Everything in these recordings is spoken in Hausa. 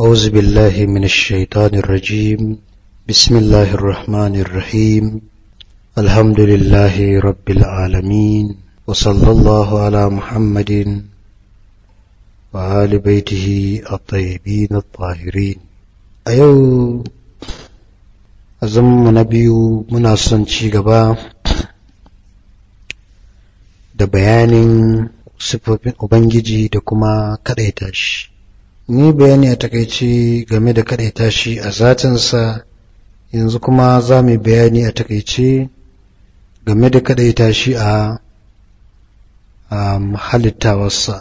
أعوذ بالله من الشيطان الرجيم بسم الله الرحمن الرحيم الحمد لله رب العالمين وصلى الله على محمد وآل بيته الطيبين الطاهرين أيو أزم نبي مناصن شيغبا da bayanin sifofin Ubangiji da kuma kaɗaita shi. ni bayani a takaici game da kaɗaita shi a zatinsa yanzu kuma za mu bayani a takaici game da kaɗaita shi a halittawarsa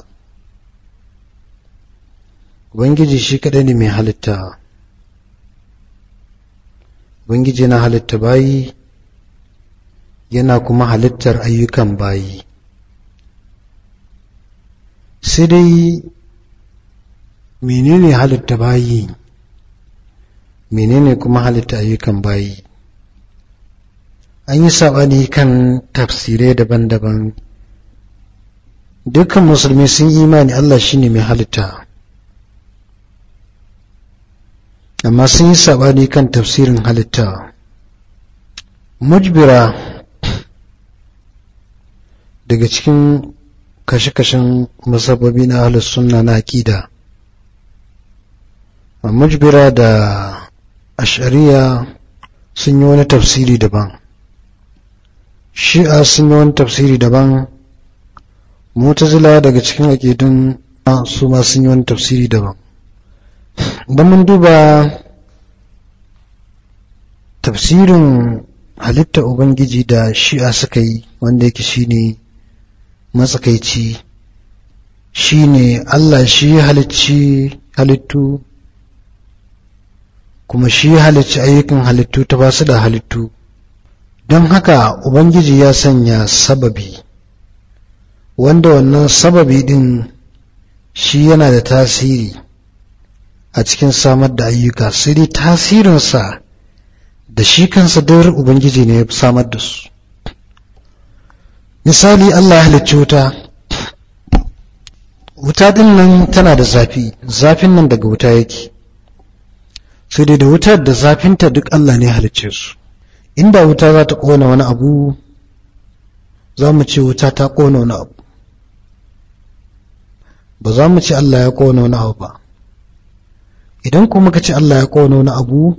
ubangiji shi kaɗai ne mai halitta ubangiji na halitta bayi yana kuma halittar ayyukan bayi sai dai menene halitta bayi menene kuma halitta ayyukan bayi an yi saɓani kan tafsirai daban-daban dukkan musulmi sun imani Allah shine mai halitta amma sun yi saɓani kan tafsirin halitta mujbira daga cikin kashe-kashen masababi na sunna na aƙida mujbira da ashariya sun yi wani tafsiri daban shi'a sun yi wani tafsiri daban mutazila daga cikin aƙidun su ma sun yi wani tafsiri daban idan mun duba tafsirin halitta ubangiji da shi'a suka yi wanda yake shine matsakaici shine allah shi halicci halittu kuma shi halicci ayyukan halittu ta basu da halittu don haka ubangiji ya sanya sababi wanda wannan sababi din shi yana da tasiri a cikin samar da ayyuka sai dai tasirinsa da shi kansa dawar ubangiji ne ya samar da su misali allah halicci wuta wuta din nan tana da zafi zafin nan daga wuta yake sai dai da wutar da zafinta duk Allah ne halicce su inda wuta za ta kona wani abu za mu ce wuta ta kona wani abu ba za mu ce Allah ya kona wani abu ba idan kuma ka ce Allah ya kona wani abu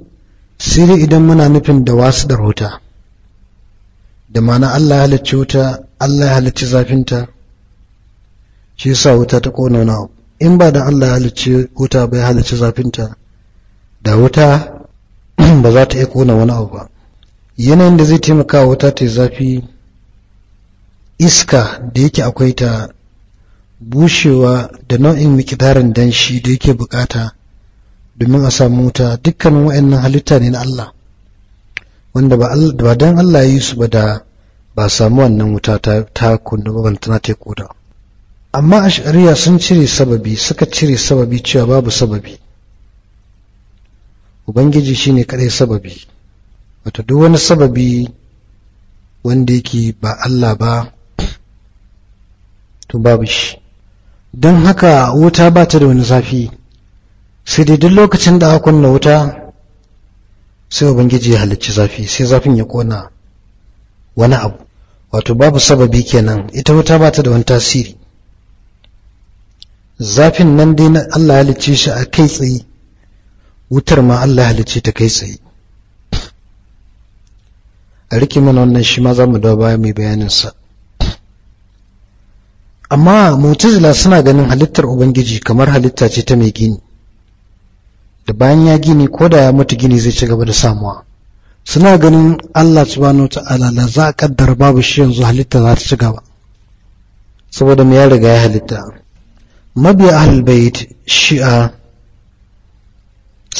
sai dai idan muna nufin da wasu da wuta da mana Allah ya halicci wuta Allah ya halicci zafinta shi yasa wuta ta kona wani abu in ba da Allah ya halicci wuta bai halicci zafinta da wuta ba za ta iya kona wani abu ba yanayin da zai taimaka wuta ta yi zafi iska da yake akwai ta bushewa da nau'in mikidarin danshi da yake bukata domin a samu wuta dukkanin wa'annan halitta ne na Allah wanda ba don Allah ya yi su ba da ba samu wannan wuta ta kundu ba tana ta koda amma a shari'a sun cire sababi suka cire sababi cewa babu sababi ubangiji ne kadai sababi wato duk wani sababi wanda yake ba Allah ba to babu shi don haka wuta ba ta da wani zafi sai dai duk lokacin da aka kunna wuta sai ubangiji ya halicci zafi sai zafin ya kona wani abu wato babu sababi kenan ita wuta ba ta da wani tasiri zafin nan dai na Allah ya halicce shi a kai tsaye wutar ma Allah halicce ta kai tsaye a rike mana wannan shi ma za mu dawo baya mai bayaninsa amma mutazila suna ganin halittar ubangiji kamar halitta ce ta mai gini da bayan ya gini ko da ya mutu gini zai ci gaba da samuwa suna ganin Allah subhanahu ta'ala la za a kaddara babu shi yanzu halitta za ta ci gaba saboda mu ya riga ya halitta mabiya ahlul bait shi'a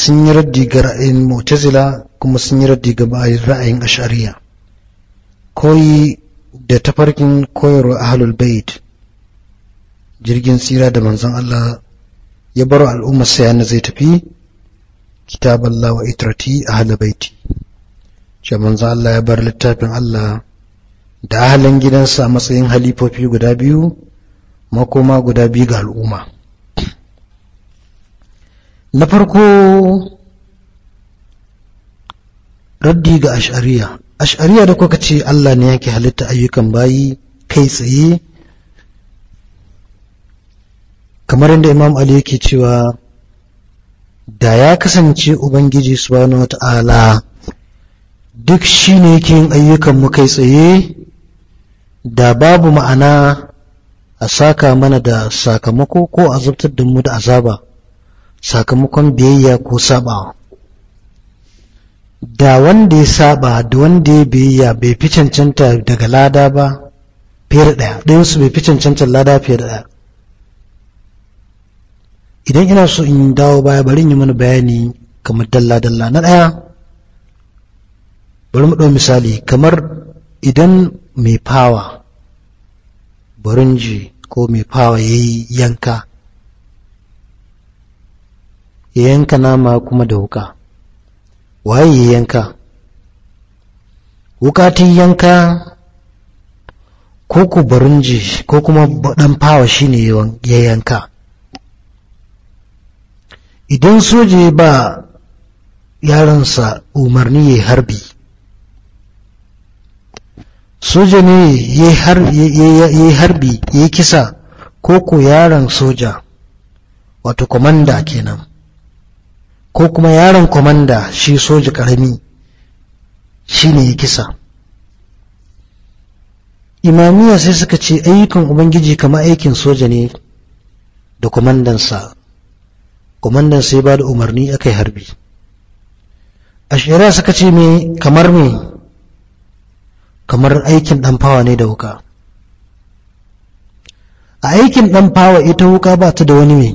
sun yi raddi ga ra'ayin mu'tazila kuma sun yi raddi ga ra'ayin ashariya koyi da tafarkin koyarwa ahlul bait jirgin tsira da manzon Allah ya bar al'ummar sai na zai tafi kitab Allah wa itrati ahlul Sha ce manzon Allah ya bar littafin Allah da ahalin gidansa a matsayin halifofi guda biyu makoma guda biyu ga al'umma na farko raddi ga ash'ariya ash'ariya da kuka ce Allah ne yake halitta ayyukan bayi kai tsaye kamar yadda imam ali yake cewa da ya kasance ubangiji subhanahu wata'ala duk shi ne yake yin ayyukanmu kai tsaye da babu ma'ana a saka mana da sakamako ko azabtar da mu da azaba sakamakon biyayya ko saɓawa, da wanda ya saba da wanda ya biyayya bai fi cancanta daga lada ba fiye da ɗaya su bai fi cancanta lada fiye da ɗaya idan ina so in dawo baya bari yi mana bayani kamar dalla-dalla na ɗaya bari mu ɗau misali kamar idan mai fawa burinji ko mai fawa ya yi yanka ya yanka nama kuma da wuka waye ya yanka wuka ta yanka ko kubarin ji ko kuma dan fawa shine ya yanka idan soja ba yaransa umarni ya harbi soja ne ya yi harbi ya yi kisa ko ko yaron soja wato komanda kenan ko kuma yaron komanda shi soji karami shi ne ya kisa imamiya sai suka ce ayyukan ubangiji kama aikin soja ne da kwamandansa komandan sai ba da umarni aka yi harbi a shirya suka ce me kamar me kamar aikin danfawa ne da wuka a aikin danfawa ita wuka ba ta da wani me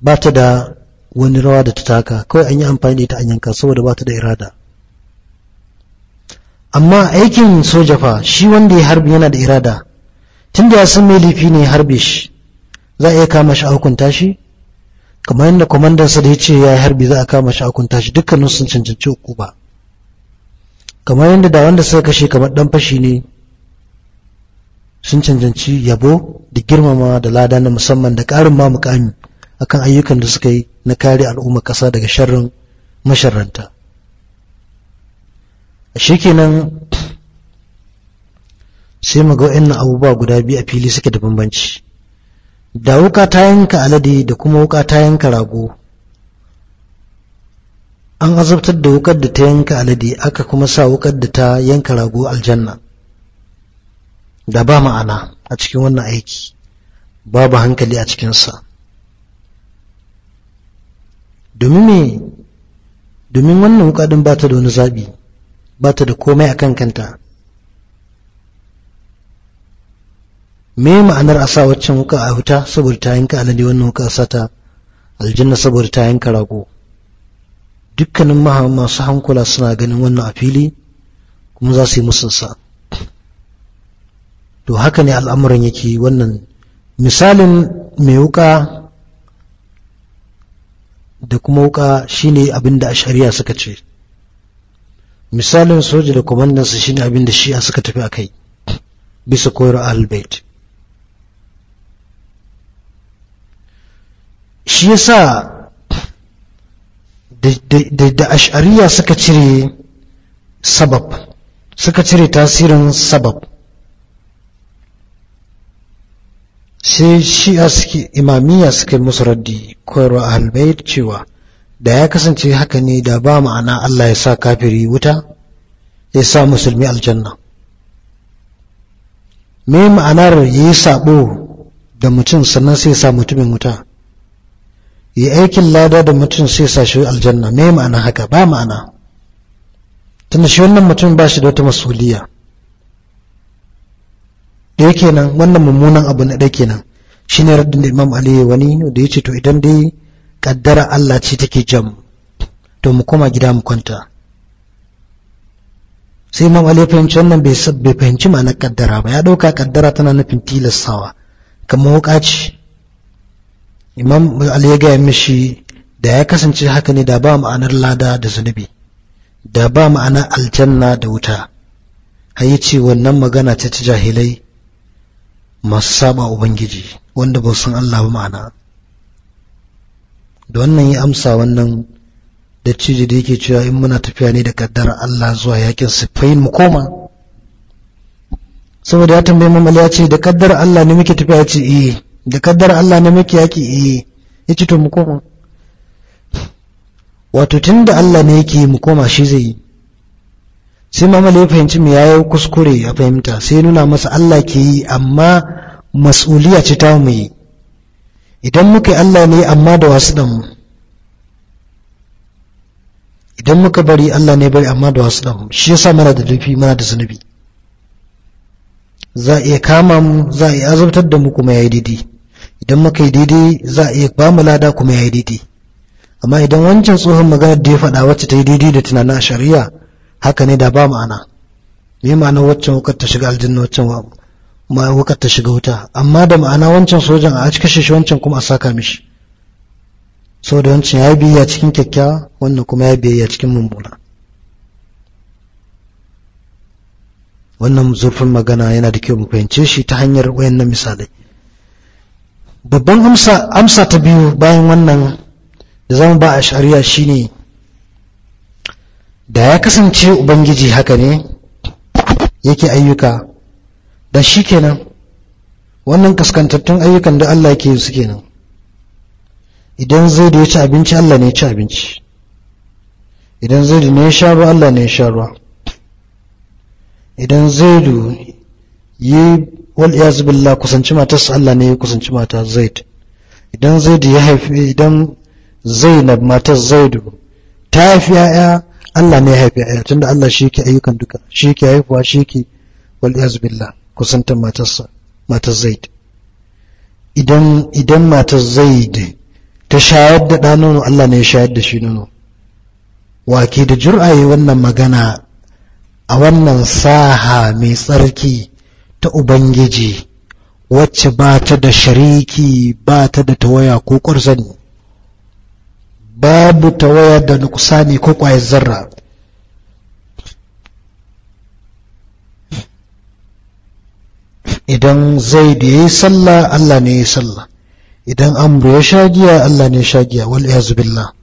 ba ta da wani rawa da ta taka kawai an yi amfani da ita an yanka saboda ba ta da irada amma aikin soja fa shi wanda ya harbi yana da irada tunda ya san mai laifi ne ya harbe shi za a iya kama shi a hukunta shi kamar yadda kwamandansa da ya ce ya harbi za a kama shi a hukunta shi dukkanin sun cancanci uku ba kamar yadda da wanda suka kashe kamar dan fashi ne sun cancanci yabo da girmama da lada na musamman da karin ma mukami akan ayyukan da suka yi na kare al'ummar ƙasa daga sharrin masharranta kenan sai mu ga wa'annan abubuwa guda biyu a fili suke da bambanci da wuka ta yanka alade da kuma wuka ta yanka rago an azabtar da wukar da ta yanka alade aka kuma sa wukar da ta yanka rago aljanna da ba ma'ana a cikin wannan aiki babu hankali a cikinsa domin me domin wannan wuka din ba ta da wani zaɓi ba ta da komai a kan kanta me ma'anar a sa waccan wuka a huta saboda ta yanka alade wannan wuka a sata aljanna saboda ta yanka rago dukkanin maha masu hankula suna ganin wannan a fili kuma za su yi sa to haka ne al'amuran yake wannan misalin mai wuka da kuma wuka shine abin da shari'a suka ce misalin soja da kwamandansa shine abin da shi'a suka tafi a kai bisa koyar albert shi ya sa da ashariya suka cire sabab suka cire tasirin sabab sai shi'a suke imamiya suke musu raddi koyarwa a halbayar cewa da ya kasance haka ne da ba ma'ana Allah ya sa kafiri wuta ya sa musulmi aljanna me ma'anar ya yi sabo da mutum sannan sai sa mutumin wuta ya aikin lada da mutum sai sa shi aljanna me ma'ana haka ba ma'ana Tana shi wannan mutum ba shi da wata masuliyya da yake nan wannan mummunan abu na ɗaya kenan shi ne raddin da Imam Ali wani da ya ce to idan dai kaddara Allah ce take jam to mu koma gida mu kwanta sai Imam aliyu fahimci wannan bai bai fahimci ma'anar kaddara ba ya ɗauka kaddara tana nufin tilastawa kamar wuka ce Imam aliyu gaya mishi da ya kasance haka ne da ba ma'anar lada da zunubi da ba ma'anar aljanna da wuta har ce wannan magana ce ta jahilai masu saba ubangiji wanda ba san Allah ba ma'ana da wannan yi amsa wannan da ciji da yake cewa in muna tafiya ne da kaddara Allah zuwa yakin sifayin mu koma saboda ya tambaye mamal ya ce da kaddar Allah ne muke tafiya ce eh da kaddar Allah ne muke yaki eh yace to mu koma wato tunda Allah ne yake mu koma shi zai yi sai mamala ya fahimci mu yi kuskure ya fahimta sai nuna masa Allah ke yi amma mas'uliya ce ta mu yi idan muka yi Allah ne amma da wasu dan mu idan muka bari Allah ne bari amma da wasu dan mu shi yasa mana da dufi mana da zunubi za a iya kama mu za a iya azabtar da mu kuma yayi daidai idan muka yi daidai za a iya ba mu lada kuma yayi daidai amma idan wancan tsohon maganar da ya faɗa wacce ta yi daidai da tunanin a shari'a haka ne da ba ma'ana ne ma'ana waccan wukar ta shiga aljanna waccan wukar ta shiga wuta amma da ma'ana wancan sojan a cikin shi wancan kuma a saka mishi da wancan ya yi biyayya cikin kyakkyawa wannan kuma ya yi biyayya cikin mummuna wannan zurfin magana yana da kyau mu fahimce shi ta hanyar wayannan misalai babban amsa amsa ta biyu bayan wannan da zamu ba a shari'a shine da ya kasance ubangiji haka ne yake ayyuka da shi kenan wannan kaskantattun ayyukan da Allah ke su kenan idan zai da ya ci abinci Allah ne ya ci abinci idan zai da ne ya sha ruwa Allah ne ya sha ruwa idan zai da yi wal iyaz billah kusanci matarsa Allah ne ya kusanci mata zaid idan da ya haifi idan zainab matar zaidu ta haifi 'ya'ya Allah ne ya haifi a tunda Allah shi ke ayyukan duka shi ke haifuwa shi ke wal kusantar matarsa matar zaid idan idan matar zaid ta shayar da ɗan Allah ne ya shayar da shi nono wa ke da jur'ayi wannan magana a wannan saha mai tsarki ta ubangiji wacce ba ta da shariki ba ta da tawaya ko ƙwarzani babu tawaya da nukusani ko kwayar zarra idan zai da ya yi sallah Allah ne ya yi sallah idan amru ya sha Allah ne ya sha giya wal billah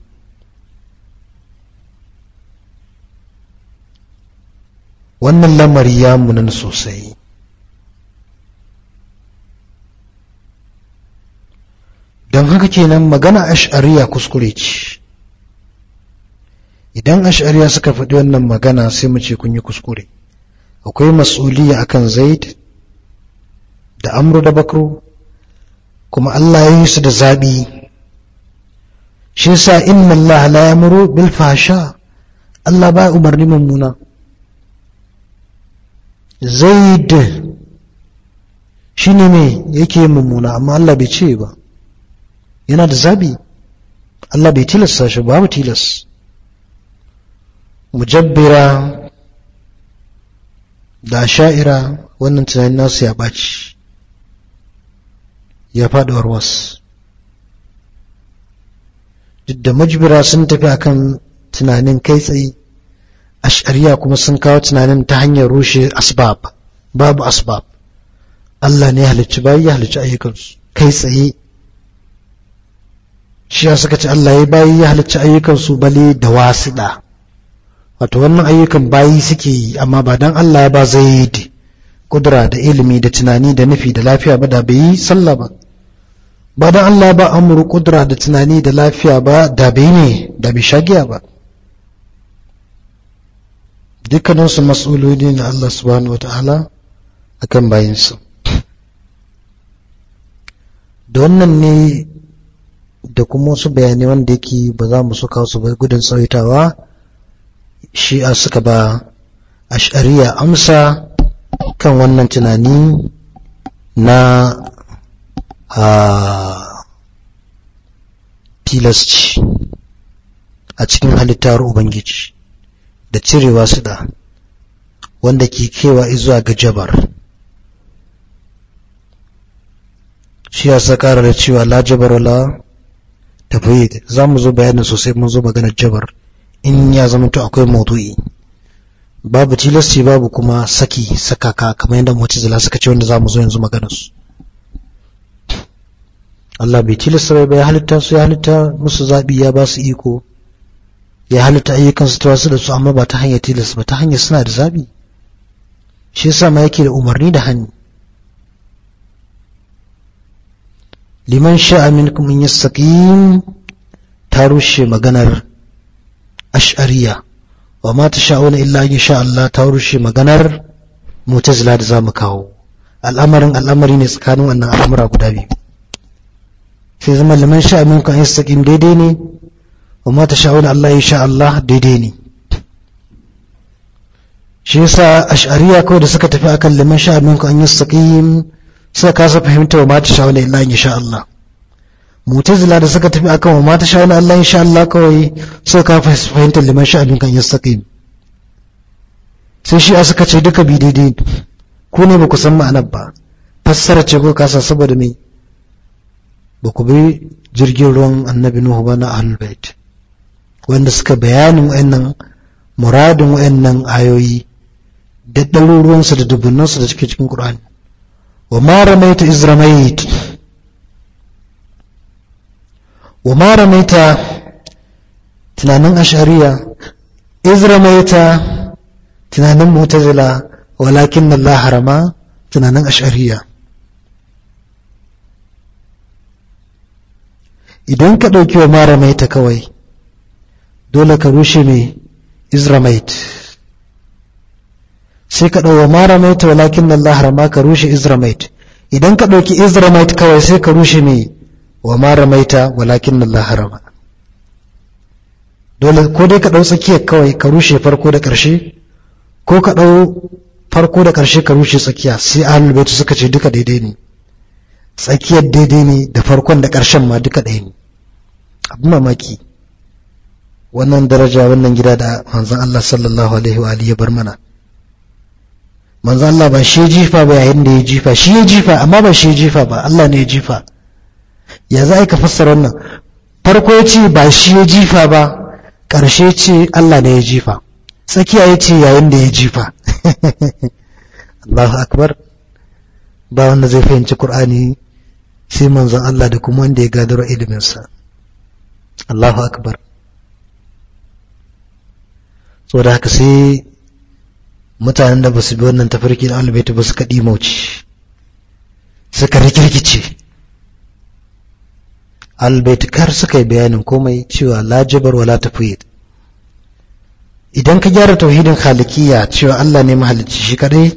wannan lamari ya munan sosai don haka kenan magana ash'ariya kuskure ce idan ash'ariya suka faɗi wannan magana sai mu ce kun yi kuskure akwai mas'uliya akan zaid da amru da bakro kuma Allah ya yi su da zaɓi shi sa inna Allah la yamuru bil fasha Allah ba umarni mummuna zaid ne me yake mummuna amma Allah bai ce ba yana da zabi Allah bai tilasta shi ba mu tilas mujabbira da sha'ira wannan tunanin nasu ya ɓaci ya faɗi warwas duk da majbira sun tafi akan tunanin kai tsaye shari'a kuma sun kawo tunanin ta hanyar rushe asbab babu asbab Allah ne halicci bayi ya halicci ayyukansu kai tsaye shi ya suka ce Allah ya bayi ya halicci ayyukansu bale da wasiɗa wato wannan ayyukan bayi suke yi amma ba dan Allah ba zai yi kudura da ilimi da tunani da nufi da lafiya ba da bai yi sallah ba ba dan Allah ba amuru kudura da tunani da lafiya ba da bai ne da bai shagiya ba dukkaninsu mas'uloli na Allah subhanahu wa ta'ala akan bayinsu da wannan ne da kuma wasu bayanai wanda yake ba za mu suka su ba gudun tsawaitawa shi'a suka ba ashariya amsa kan wannan tunani na a filasci a cikin halittar ubangiji da cirewa su da wanda ke kewa izuwa ga jabar shi ya sakara da cewa la tafiyid za mu zo bayanin sosai mun zo maganar jabar in ya zama to akwai maudu'i babu tilasti babu kuma saki sakaka kamar yadda zala suka ce wanda za mu zo yanzu maganar su Allah bai tilasta ba ya halitta su ya halitta musu zabi ya ba su iko ya halitta ayyukan su tawasu da su amma ba ta hanyar tilasta, ba ta hanyar suna da zabi shi yasa ma yake da umarni da hani? liman sha'a minkum in yastaqim tarushe maganar ash'ariya wa ma tasha'una illa sha Allah tarushe maganar mu'tazila da zamu kawo al'amarin al'amari ne tsakanin wannan al'amura guda biyu sai zama liman sha'a minkum in yastaqim daidai ne wa ma tasha'una Allah sha Allah daidai ne shi yasa ash'ariya kawai da suka tafi akan liman sha'a minkum in yastaqim suka kasa fahimta wa mata shawala illa sha Allah mutazila da suka tafi akan wa mata shawala Allah sha Allah kawai suka ka fahimta liman sha'anin kan yastaqim sai shi a suka ce duka bi daidai ku ne ba ku san ma'anar ba fassara ce ko kasa saboda me ba ku bi jirgin ruwan annabi Nuhu ba na ahlul bait wanda suka bayanin wayannan muradin wayannan ayoyi da ɗaruruwansu da dubunansu da suke cikin Qur'ani Wa وما رميت إذ رميت وما رميت tunanin ashariya izramaita tunanin mutazila walakin Allah harama tunanin ashariya idan ka ɗauki wa maramaita kawai dole ka rushe mai izramait sai ka ɗauwa ma ramaita walakin Allah ma ka rushe izramait idan ka ɗauki izramait kawai sai ka rushe mai wa ma ramaita walakin Allah ma dole ko dai ka ɗau tsakiyar kawai ka rushe farko da ƙarshe ko ka ɗau farko da ƙarshe ka rushe tsakiya sai ahlul baitu suka ce duka daidai ne tsakiyar daidai ne da farkon da ƙarshen ma duka ɗaya ne abin mamaki wannan daraja wannan gida da manzon Allah sallallahu alaihi wa alihi ya bar mana manzo Allah ba shi jifa ba yayin da ya jifa shi ya jifa amma ba shi jifa ba Allah ne ya jifa ya za ka fassara wannan farko ya ce ba shi ya jifa ba ƙarshe ce Allah ne ya jifa tsakiya ya ce yayin da ya jifa Allahu akbar ba wanda zai fahimci Qur'ani sai manzo Allah da kuma wanda ya gadaro sa Allahu akbar saboda haka sai mutanen da basu bi wannan tafarki na albaita ba suka mauci. suka rikirkice kar suka yi bayanin komai cewa lajabar wala tafiyid idan ka gyara tauhidin khalikiya cewa Allah ne mahalicci shi kadai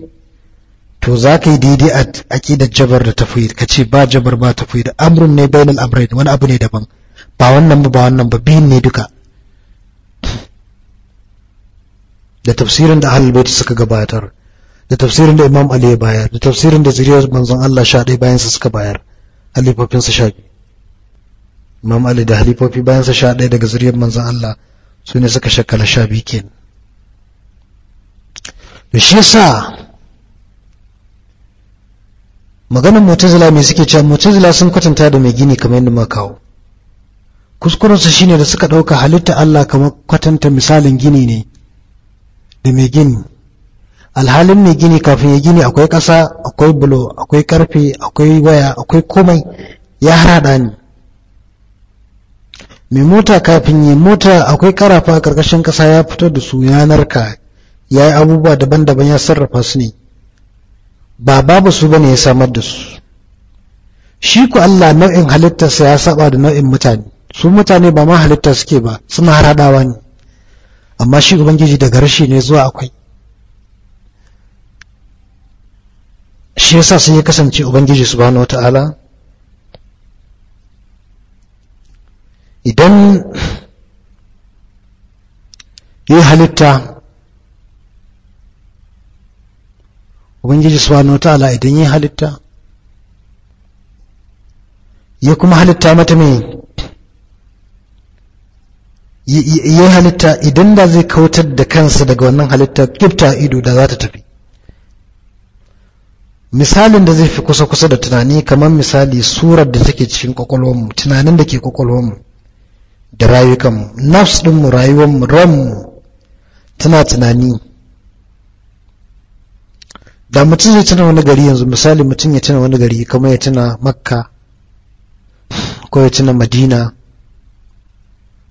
to za ka yi daidai a aƙidar jabar da tafiyid ka ce ba jabar ba tafiyid amrun ne bainal amrayn wani abu ne daban ba wannan ba ba wannan ba biyun ne duka da tafsirin da ahlul baiti suka gabatar da tafsirin da imam ali ya bayar da tafsirin da zuriyar manzon Allah sha ɗaya bayan sa suka bayar halifofin sa sha imam ali da halifofi bayan sa sha ɗaya daga zuriyar manzon Allah su ne suka shakkala sha biyu kenan da shi yasa maganar mutazila mai suke cewa mutazila sun kwatanta da mai gini kamar yadda muka kawo kuskurensu shine da suka ɗauka halitta Allah kamar kwatanta misalin gini ne da mai gini alhalin mai gini kafin ya gini akwai kasa, akwai bulo akwai karfe akwai waya akwai komai ya harada ni. mai mota kafin ya mota akwai karafa a ƙarƙashin ƙasa ya fito da su yanar ka ya yi abubuwa daban-daban ya sarrafa su ne ba babu su bane ya samar da su shi ku Allah nau'in halittarsa ya saba da nau'in mutane su mutane ba ma halitta suke ba suna haradawa ne amma shi ubangiji daga rashi ne zuwa akwai shi yasa sai ya kasance ubangiji subhanahu wata'ala idan yi halitta ubangiji subhanahu wata'ala idan yi halitta ya kuma halitta mata mai ya halitta idan da zai kautar da kansa daga wannan halitta kifta ido da za ta tafi misalin da zai fi kusa-kusa da tunani kamar misali surar da take cikin kwakwalwarmu tunanin da ke kwakwalwarmu da rayukanmu nafs ɗinmu rayuwarmu ranmu tana tunani da mutum zai tuna wani gari yanzu misali mutum ya tuna wani gari kamar ya tuna makka ko ya tuna madina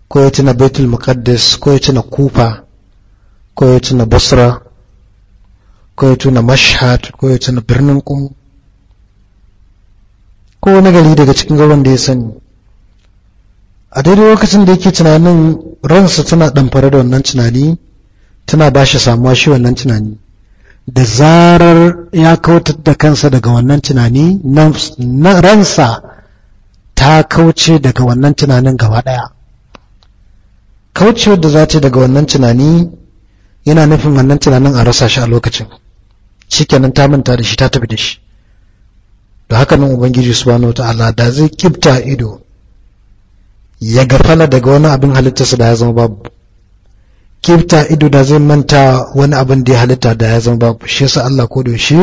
ko ya tuna Betul muqaddas ko ya tuna kufa ko ya tuna basra ko ya tuna mashhad ko ya tuna birnin kum ko wani gari daga cikin gaban da ya sani a daidai lokacin da yake tunanin ransa tana damfare da wannan tunani tana ba shi samuwa shi wannan tunani da zarar ya kautar da kansa daga wannan tunani ransa ta kauce daga wannan tunanin gaba ɗaya kaucewar da za ta daga wannan tunani yana nufin wannan tunanin a rasa shi a lokacin shikenan ta manta da shi ta tafi da shi da haka nan ubangiji subhanahu ta'ala da zai kibta ido ya gafala daga wani abin halittarsa da ya zama babu kibta ido da zai manta wani abin da ya halitta da ya zama babu shi yasa Allah ko da shi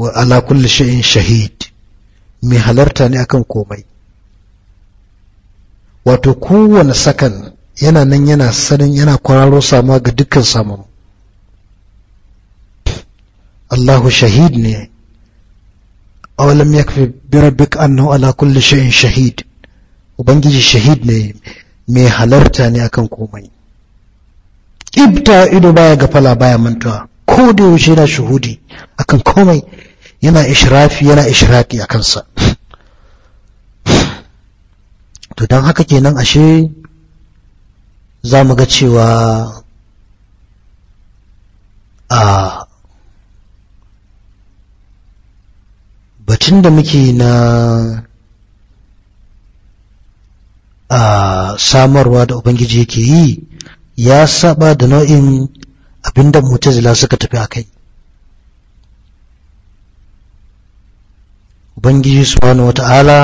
wa ala kulli shay'in shahid mai halarta ne akan komai wato kowane sakan yana nan yana sanin yana kwararo samuwa ga dukkan samu Allahu shahid ne awalam yakfi bi rabbik annahu ala kulli shay'in shahid ubangiji shahid ne mai halarta ne akan komai ibta ido baya ga fala baya mantuwa ko da yaushe yana shuhudi akan komai yana ishrafi yana ishraki akan sa to don haka kenan ashe za mu ga cewa a batun da muke na a samarwa da ubangiji yake yi ya saba da nau'in abinda mutazila suka tafi a kai ubangiji subhanahu ta'ala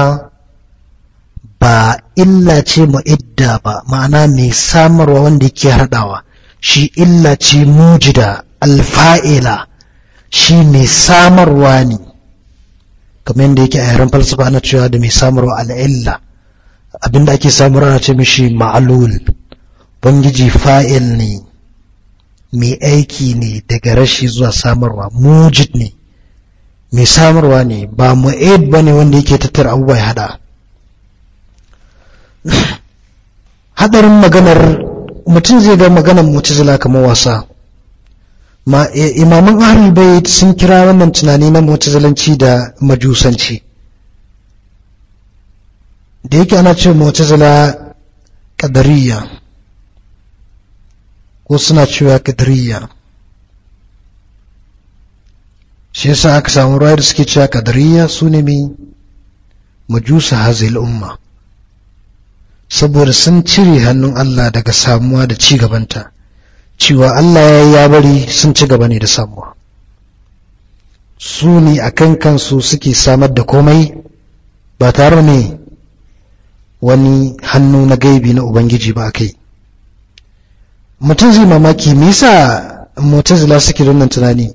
ba illa ce mu'idda ba ma'ana mai samarwa wanda yake haɗawa shi illa ce mujida alfa'ila shi mai samarwa ne kamar yadda yake a yaren falsafa ana cewa da mai samarwa al'illa abinda ake samarwa na ce mishi ma'alul bangiji fa'il ne mai aiki ne daga rashi zuwa samarwa mujid ne mai samarwa ne ba mu'id ba ne wanda yake tattara abubuwa ya haɗa hadarin maganar mutum zai ga maganar mutazila kamar wasa ma eh, imaman ahli bayt sun kira wannan tunani na mutazilanci da majusanci da yake ana ce mutazila kadariya ko suna cewa kadariya? shi yasa aka samu ruwa da suke cewa qadariya su ne mai majusa hazil umma saboda sun cire hannun Allah daga samuwa da ci gabanta cewa Allah ya ya bari sun ci gaba ne da samuwa su ne a kan kansu suke samar da komai ba tare ne wani hannu na gaibi na ubangiji ba kai mutum zai mamaki me yasa zila suke da tunani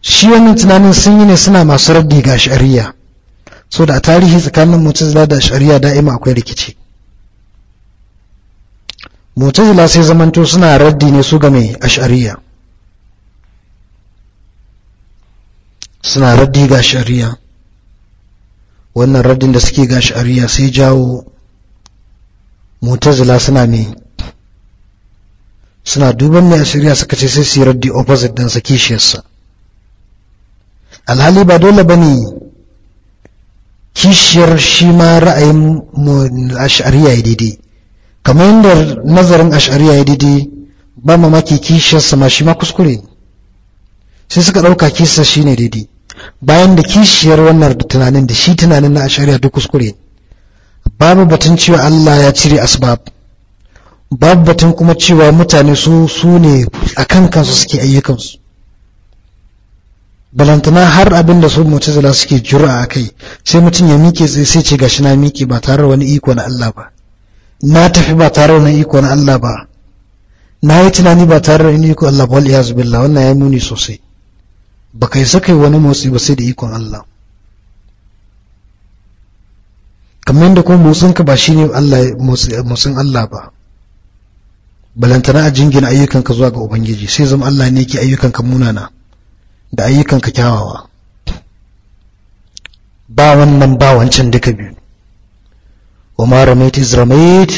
shi wannan tunanin sun yi ne suna masu raddi ga shari'a so da a tarihi tsakanin zila da shari'a da'ima akwai rikici mutazila sai zamanto suna raddi ne su ga mai ash'ariya suna raddi ga shari'a wannan raddin da suke ga shari'a sai jawo mutazila suna ne suna duban mai ashariya suka ce sai su yi raddi opposite don sa kishiyarsa alhali ba dole ba ne kishiyar shi ma ra'ayin ashariya ya daidai kamar yadda nazarin ashariya ya daidai, ba mamaki kishiyarsa ma shi ma kuskure sai suka ɗauka kisa shi ne daidai bayan da kishiyar wannan tunanin da shi tunanin na ashariya duk kuskure babu batun cewa Allah ya cire asbab babu batun kuma cewa mutane su su ne a kan kansu suke ayyukansu balantana har abin da su zala suke jura a kai sai mutum ya mike sai ce gashi na miki ba tare da wani iko na Allah ba na tafi ba tare da iko Allah ba na yi tunani ba tare da iko Allah ba ya iyaz wannan ya muni sosai ba kai sakai wani motsi ba sai da ikon Allah kamar da kuma motsin ka ba ne Allah motsin Allah ba balantana a jingina ayyukan ka zuwa ga ubangiji sai zama Allah ne ke ayyukan ka munana da ayyukan ka kyawawa ba wannan ba wancan duka biyu wa ma ramaita ramait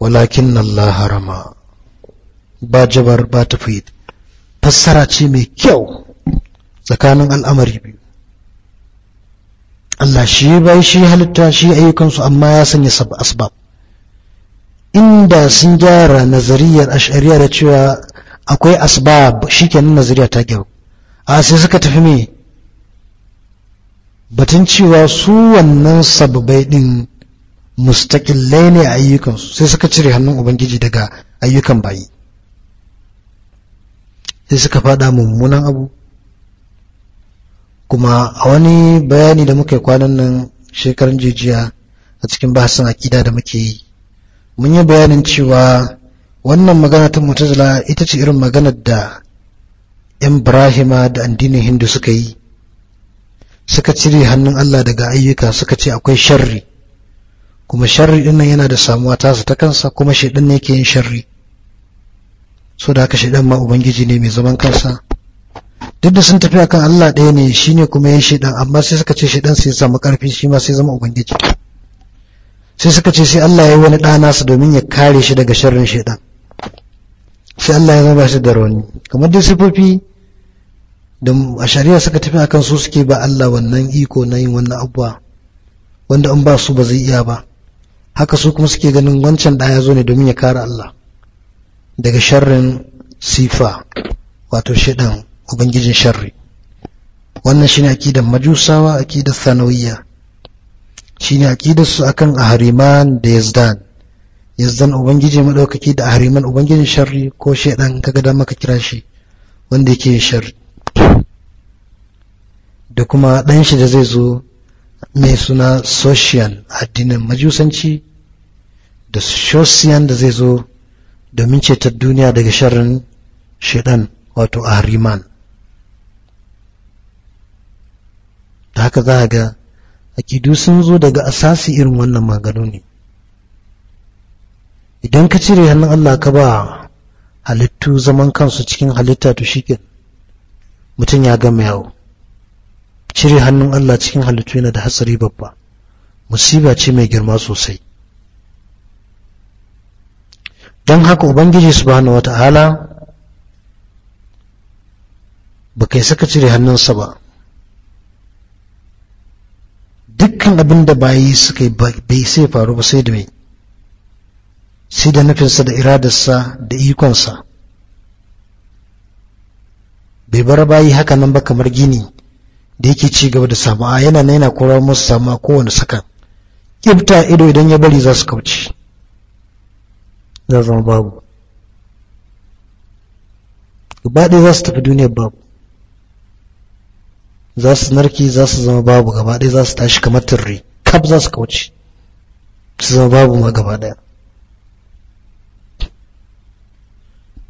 walakin Allah rama ba jabar ba tafid fassara ce mai kyau tsakanin al'amari biyu Allah shi bai shi halitta shi ayyukansu amma ya sanya asbab inda sun gyara nazariyar ashariya da cewa akwai asbab shikenan nazariya ta gyaru a sai suka tafi me batun cewa su wannan sababai din mustaƙillai ne a ayyukansu sai suka cire hannun ubangiji daga ayyukan bayi sai suka fada mummunan abu kuma a wani bayani da muka yi kwanan nan shekarun jijiya a cikin bahasin akida da muke yi mun yi bayanin cewa wannan magana ta mutazila ita ce irin maganar da yan birahima da andinin hindu suka yi suka cire hannun Allah daga ayyuka suka ce akwai sharri kuma sharri din nan yana da samuwa tasa ta kansa kuma shaidan ne yake yin sharri so da haka shaidan ma ubangiji ne mai zaman kansa duk da sun tafi akan Allah ɗaya ne shine kuma yin shaidan amma sai suka ce shaidan sai samu karfi shi ma sai zama ubangiji sai suka ce sai Allah ya yi wani ɗana su domin ya kare shi daga sharrin shaidan sai Allah ya zama shi da rauni kamar dai sifofi da a shari'a suka tafi akan su suke ba Allah wannan iko na yin wannan abuwa wanda in ba su ba zai iya ba haka su kuma suke ganin wancan ɗaya zo ne domin ya kare Allah daga sharrin sifa wato shaidan ubangijin sharri wannan shine akidan majusawa akidar sanawiyya shine akidar su akan ahriman da yazdan yazdan ubangiji madaukaki da ahriman ubangijin sharri ko shaɗan kaga da maka kira shi wanda yake sharri da kuma ɗan shi da zai zo mai suna social addinin majusanci da social da zai zo domin cetar duniya daga sharrin shaidan wato ahriman da haka za a ga akidu sun zo daga asasi irin wannan maganu ne idan ka cire hannun Allah ka ba halittu zaman kansu cikin halitta to shi mutum ya gama yawo cire hannun Allah cikin halittu yana da hatsari babba musiba ce mai girma sosai don haka ubangiji subhanahu wata'ala ba kai saka cire hannunsa ba dukkan abin da bayi suka bai sai faru ba sai da mai sai da nufinsa da iradarsa da ikonsa bai bar bayi haka nan ba kamar gini da yake ci gaba da a yana na yana korar musu a kowane sakan kibta ido idan ya bari za su kauce za zama babu gaba ɗaya za su tafi duniya babu za su narki za su zama babu gaba ɗaya za su tashi kamar turre kaf za su kauce su zama babu ma gaba ɗaya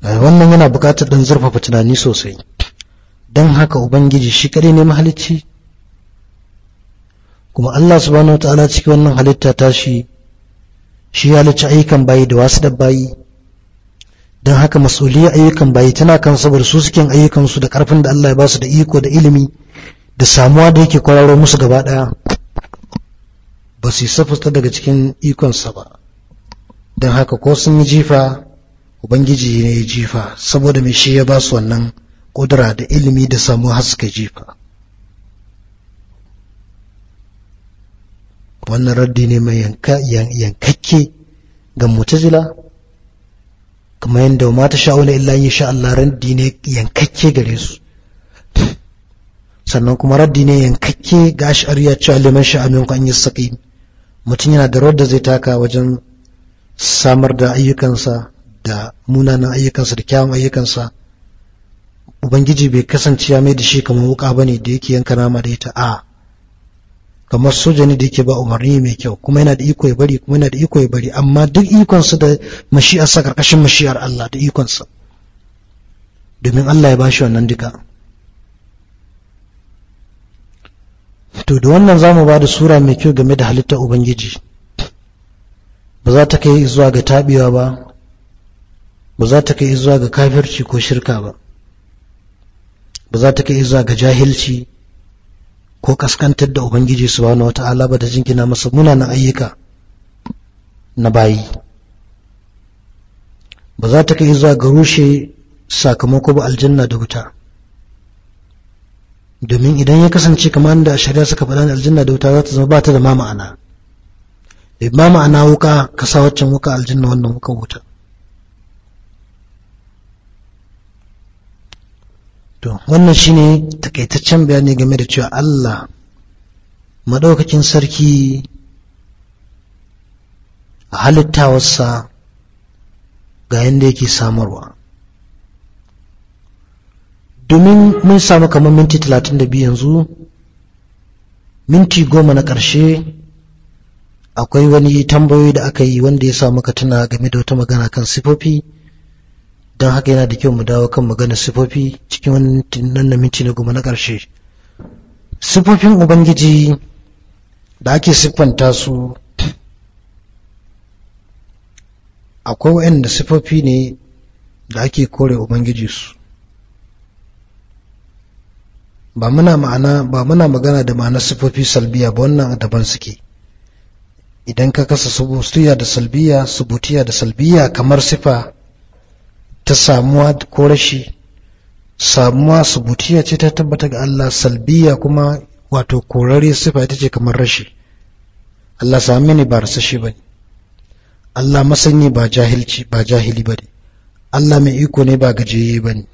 wannan yana buƙatar ɗan zurfafa tunani sosai don haka ubangiji shi kadai ne mahalicci kuma Allah subhanahu wataala cikin wannan halitta tashi shi ya halicci ayyukan bayi da wasu dabbayi don haka masuliyar ayyukan bayi tana kan saboda su suke ayyukan su da karfin da Allah ya ba su da iko da ilimi da samuwa da yake kwararo musu gaba daya ba su safusta daga cikin ikonsa ba don haka ko sun yi jifa ubangiji ne ya jifa saboda mai shi ya ba su wannan ƙudura da ilimi da samu haska jefa wannan raddi ne mai yankakke ga mutazila kamar yadda ma ta sha'una illa yin sha Allah raddi ne yankakke gare su sannan kuma raddi ne yankakke ga ash'ariya cewa liman sha amin an yi saƙi mutum yana da rawar da zai taka wajen samar da ayyukansa da munanan ayyukansa da kyawun ayyukansa ubangiji bai kasance ya mai da shi kamar wuka ne da yake yanka nama da ita a kamar soja ne da yake ba umarni mai kyau kuma yana da iko ya bari kuma yana da iko ya bari amma duk ikonsa da mashi'arsa karkashin mashi'ar Allah da ikonsa domin Allah ya bashi wannan duka to da wannan zamu ba da sura mai kyau game da halittar ubangiji ba za ta kai zuwa ga tabewa ba ba za ta kai zuwa ga kafirci ko shirka ba ba za ta kai zuwa ga jahilci ko kaskantar da ubangiji su wata wata'ala ba ta jingina masa munanan ayyuka na bayi ba za ta kai zuwa ga rushe sakamako ba aljanna da wuta domin idan ya kasance kamar da shari'a suka faɗa aljanna da wuta za ta zama ba ta da ma ma'ana da ma ma'ana wuka ka sa waccan wuka aljanna wannan wuka wuta to wannan shine takaitaccen bayani game da cewa Allah maɗaukakin sarki a halittawarsa ga yadda yake samarwa domin mun samu kamar minti talatin da 32 yanzu minti goma na ƙarshe akwai wani tambayoyi da aka yi wanda ya sa muka tuna game da wata magana kan sifofi don haka yana da kyau mu dawo kan magana sifofi cikin wannan na minci na goma na ƙarshe sifofin ubangiji da ake siffanta su akwai waɗanda sifofi ne da ake kore ubangiji su ba muna ma'ana ba muna magana da ma'ana sifofi salbiya ba wannan daban suke idan ka kasa subutiya da salbiya subutiya da salbiya kamar sifa ta samuwa ko rashi samuwa subutiya ce ta tabbata ga Allah salbiya kuma wato korare sifa ita ce kamar rashi Allah sami ne ba rasashi ba Allah masanyi ba jahilci ba jahili ba Allah mai iko ne ba gajiye ba ne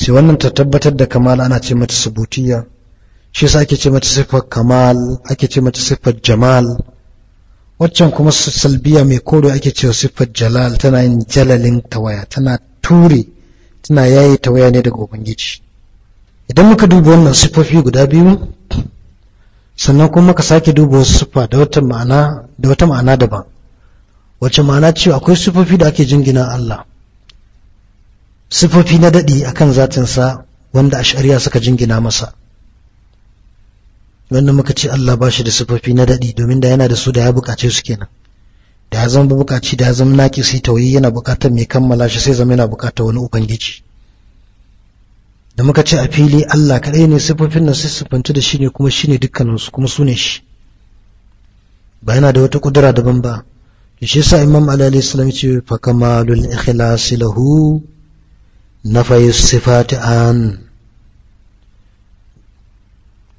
sai wannan ta tabbatar da kamal ana ce mata subutiya shi yasa ake ce mata siffar kamal ake ce mata siffar jamal waccan kuma salbiya mai kore ake cewa siffar jalal tana yin jalalin tawaya tana ture tana yayi tawaya ne daga ubangiji idan muka duba wannan siffofi guda biyu sannan kuma muka sake duba wasu siffa da wata ma'ana da wata ma'ana daban wacce ma'ana cewa akwai siffofi da ake jingina Allah siffofi na dadi akan zatinsa wanda ashariya suka jingina masa wanda muka ce Allah ba shi da sifofi na daɗi domin da yana da su da ya buƙace su kenan da ya zama buƙaci da ya zama naƙi sai tauyi yana buƙatar mai kammala shi sai zama yana buƙatar wani ubangiji da muka ce a fili Allah kaɗai ne sifofin nan sai sifantu da shi ne kuma shi ne dukkaninsu kuma su ne shi ba yana da wata ƙudura daban ba shi yasa imam alaihi salam ce fa kamalul ikhlasi lahu nafayu sifati an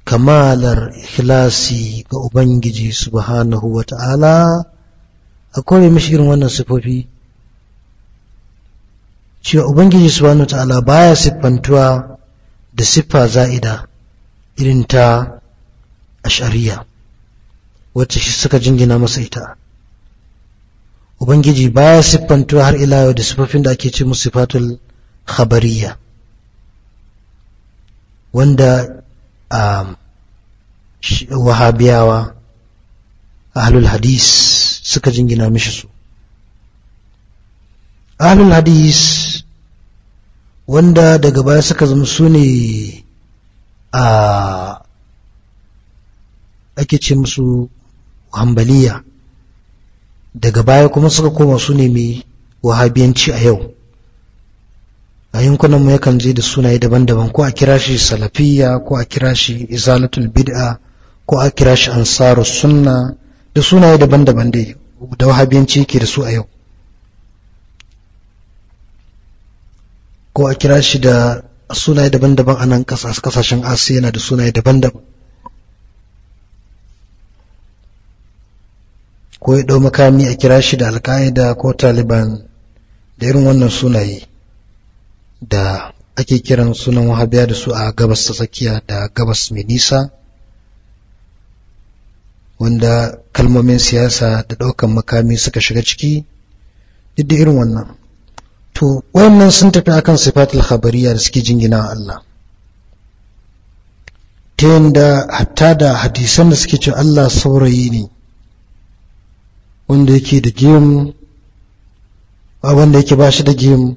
kamalar ikhlasi ga Ubangiji subhanahu wa ta'ala a kore mashi irin wannan sifofi cewa Ubangiji subhanahu wa ta'ala baya siffantuwa da siffa za'ida irin ta ashariya wacce shi suka jingina masa ita Ubangiji baya siffantuwa har ila da sifofin da ake ce musu sifatul khabariya wanda Um, wahabiyawa ahlul hadis suka jingina mishi su ahlul hadis wanda daga baya suka zama su ne a ake ce musu hambaliya daga baya kuma suka koma su ne mai wahabiyanci a yau a yankunan mu yakan je da sunaye daban-daban ko a kira shi Salafiya, ko a kira shi izalatul bid'a ko a kira shi ansaru sunna da sunaye daban-daban dai da wahabiyanci ke da su a yau ko a kira shi da sunaye daban-daban a nan kasashen asiya yana da sunaye daban-daban ko ya ɗau makami a kira shi da alka'ida ko taliban da irin wannan sunaye da ake kiran sunan wahabiya da su a gabas ta tsakiya da gabas mai nisa wanda kalmomin siyasa da ɗaukan makami suka shiga ciki duk irin wannan to wayannan sun tafi akan sifatul khabariya da suke jingina Allah ta yadda hatta da hadisan da suke ce Allah saurayi ne wanda yake da gim wanda yake ba da gim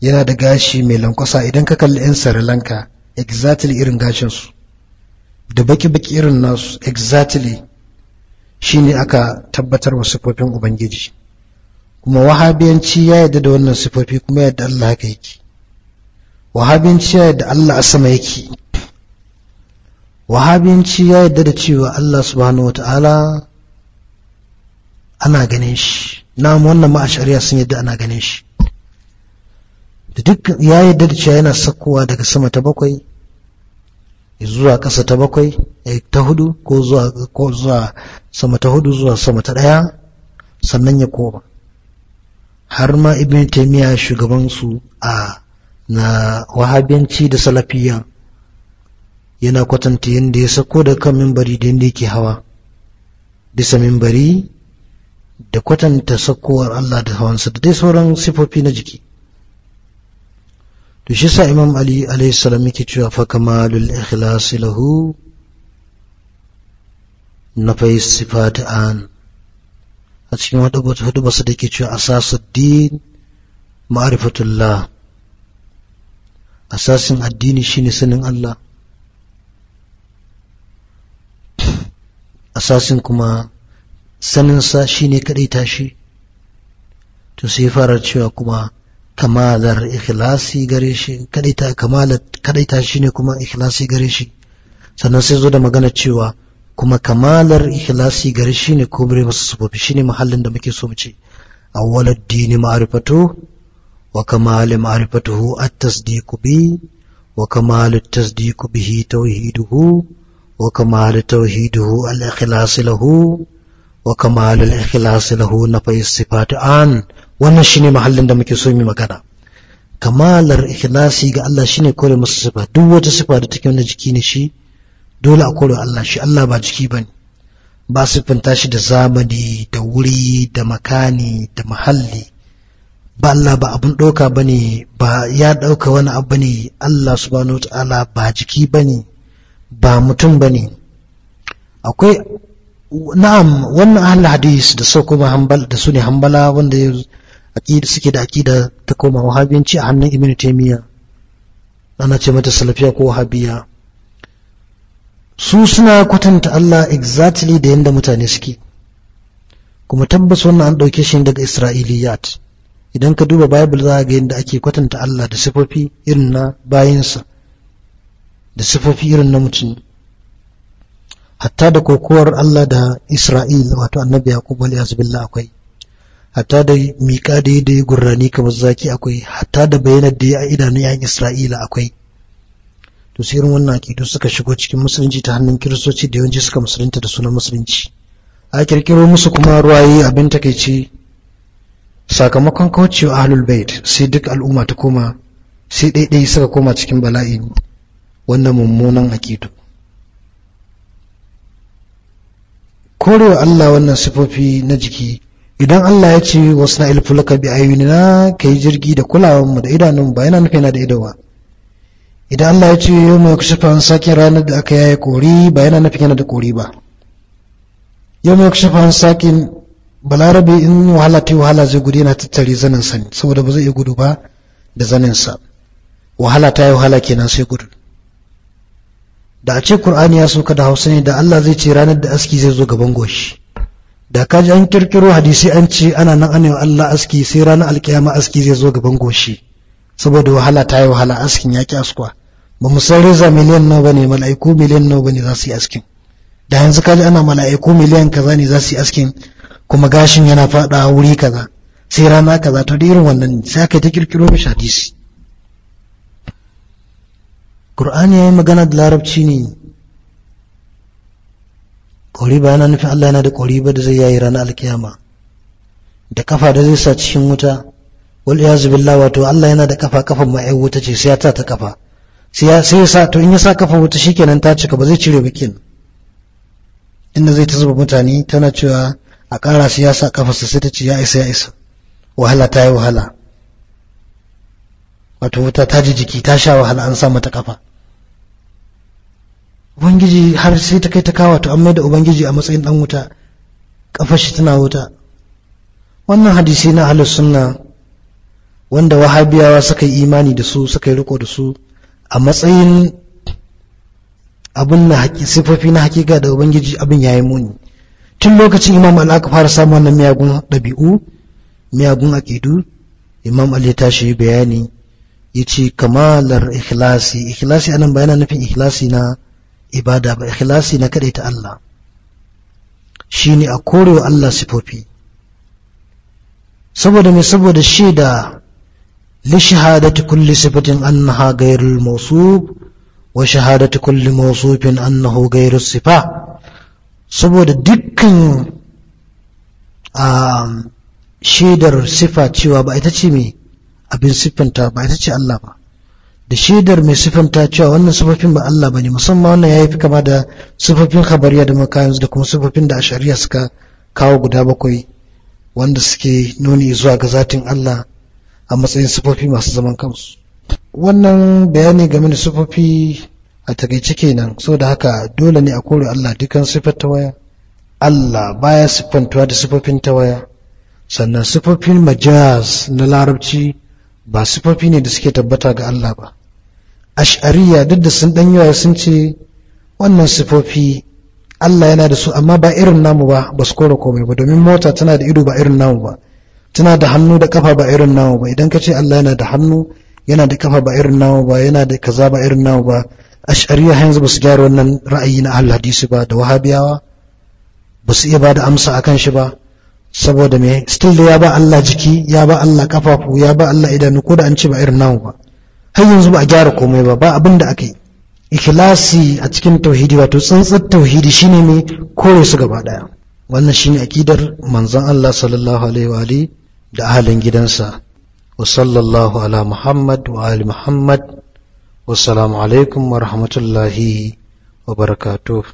yana da gashi mai lankwasa idan ka kalli 'yan Sri Lanka exactly irin gashinsu da baki-baki irin nasu exactly shi ne aka tabbatar wa sifofin Ubangiji kuma wahabiyanci ya yarda da wannan sifofi kuma yadda Allah haka yake wahabiyanci ya yarda Allah a sama yake wahabiyanci ya yarda da cewa Allah subhanahu wata'ala ana ganin shi na wannan ma a shari'a sun yadda ana ganin shi da duk ya yadda da cewa yana sakkowa daga sama ta bakwai zuwa ƙasa ta bakwai eh, ta hudu ko zuwa ko zuwa sama ta hudu zuwa sama ta ɗaya sannan ya koma har ma ibn taimiyya shugaban su a na wahabiyanci da salafiya yana kwatanta yadda ya sako da kan mimbari da yadda yake hawa bisa mimbari da kwatanta sakowar Allah da hawansa da dai sauran sifofi na jiki to shi sa imam ali alayhi yake cewa fa kamalul ikhlas lahu na fai sifati an a cikin wata hudu basu da ke cewa asasuddin ma'rifatullah asasin addini shine sanin Allah asasin kuma saninsa shine kadai tashi to sai fara cewa kuma kamalar ikhlasi gare shi kadaita kamalar kadaita shi ne kuma ikhlasi gare shi sannan sai zo da magana cewa kuma kamalar ikhlasi gare shi ne ko bare masa sufofi shine muhallin da muke so mu ce awwalad din ma'rifatu wa kamal ma'rifatuhu at-tasdiq bi wa kamal at-tasdiq bihi tawhiduhu wa kamal tawhiduhu al-ikhlas lahu wa kamal al-ikhlas lahu nafai sifatan wannan shine mahallin da muke so mu magana kamalar ikhlasi ga Allah shine kore masa sifa duk wata sifa da take wani jiki ne shi dole a kore Allah shi Allah ba jiki bane ba siffanta shi da zamani da wuri da makani da mahalli ba Allah ba abun ɗauka ba ne ba ya ɗauka wani abu ne Allah subhanahu ba jiki ba ne ba mutum ba ne akwai na'am wannan ahal hadis da sau kuma da su ne hambala wanda ya. aqida suke da aqida ta koma wahabiyanci a hannun ibn taymiya ana ce mata salafiya ko wahabiya su suna kwatanta Allah exactly da yanda mutane suke kuma tabbas wannan an dauke shi daga Isra'iliyat idan ka duba Bible za ga yadda ake kwatanta Allah da sifofi irin na bayansa da sifofi irin na mutum hatta da kokowar Allah da Isra'il wato annabi Yaqub wal billah akwai hatta da miƙa da da gurrani kamar zaki akwai hatta da bayanar da ya a idanun yan isra'ila akwai to sai irin wannan akidu suka shigo cikin musulunci ta hannun kiristoci da yawanci suka musulunta da sunan musulunci a kirkiro musu kuma ruwaye abin takaici sakamakon kaucewa ahlul bait sai duk al'umma ta koma sai ɗaiɗai suka koma cikin bala'i wannan mummunan akidu korewa Allah wannan sifofi na jiki idan Allah ya ce wasu na ka bi na ka yi jirgi da mu da idanun ba yana yana da ido ba idan Allah ya ce yau mai kushafa an sake ranar da aka yaye kori ba yana nufin yana da kori ba yau mai kushafa an sake balarabe in wahala ta wahala zai gudu yana tattare zanen sa saboda ba zai iya gudu ba da zanen sa wahala ta yi wahala kenan sai gudu da a ce Kur'ani ya sauka da Hausa ne da Allah zai ce ranar da aski zai zo gaban goshi da ka ji an kirkiro hadisi an ce ana nan ana Allah aski sai ranar alkiyama aski zai zo gaban goshi saboda wahala ta yi wahala askin ya ki askuwa ba mu san reza miliyan nawa bane mala'iku miliyan nawa bane za su yi askin da yanzu ka ji ana mala'iku miliyan kaza ne za su yi askin kuma gashin yana fada wuri kaza sai rana kaza ta da irin wannan sai aka ta kirkiro mishi hadisi Qur'ani ya yi magana da larabci ne ƙori ba yana nufin Allah yana da ƙori ba da zai yayi ranar alkiyama da kafa da zai sa cikin wuta wal iyazu billah wato Allah yana da kafa kafan ma ai wuta ce sai ya ta ta kafa sai ya sai sa to in ya sa kafa wuta shikenan ta cika ba zai cire bikin inda zai ta zuba mutane tana cewa a ƙara sai ya sa kafa su sai ta ce ya isa ya isa wahala ta yi wahala wato wuta ta ji jiki ta sha wahala an sa mata kafa ubangiji har sai ta kai ta kawa to an da ubangiji a matsayin dan wuta kafar shi tana wuta wannan hadisi na ahlus sunna wanda wahabiyawa suka yi imani da su suka yi riko da su a matsayin abin na sifofi na haƙiƙa da ubangiji abin yayi muni tun lokacin imam ali aka fara samun wannan miyagun ɗabi'u miyagun aƙidu imam ali tashi bayani ya ce kamalar ikhlasi ikhlasi anan bayana nufin ikhlasi na ibada ba ikhlasi na kaɗai ta Allah shine a korewa Allah sifofi saboda mai saboda shi da kulli sifatin annaha أنها mawsuub wa shahadati kulli موصوف annahu غير Sifa, saboda dukkan um, shaidar sifa cewa ba ita ce mai abin siffanta ba ita ce Allah ba da shaidar mai sifanta cewa wannan sifofin ba Allah ba ne, musamman wannan yi fi kama da sifofin habariya da makayansu da kuma sifofin da shari'a suka kawo guda bakwai wanda suke nuni zuwa ga zatin Allah a matsayin sifofi masu zaman kansu wannan bayani game da sifofi a takaice kenan so da haka dole ne a kore Allah dukan ta tawaya Allah baya siffantuwa da sifofin tawaya sannan sifofin majaz na larabci ba sifofi ne da suke tabbata ga Allah ba ash'ariya duk da sun ɗan sun ce wannan sifofi Allah yana da su amma ba irin namu ba ba su kora komai ba domin mota tana da ido ba irin namu ba tana da hannu da kafa ba irin namu ba idan ka ce Allah yana da hannu yana da kafa ba irin namu ba yana da kaza ba irin namu ba ash'ariya yanzu ba su gyara wannan ra'ayi na ahlul hadisi ba da wahabiyawa ba su iya ba da amsa kan shi ba saboda me still da ya ba Allah jiki ya ba Allah kafafu ya ba Allah idanu ko da an ce ba irin namu ba har yanzu ba a gyara komai ba ba abin da aka yi ikhlasi a cikin tauhidi wato tsantsar tauhidi shine ne kore su gaba daya wannan shine akidar manzon Allah sallallahu alaihi wa ali da ahalin gidansa wa sallallahu ala muhammad wa ali muhammad wassalamu alaikum wa rahmatullahi wa barakatuh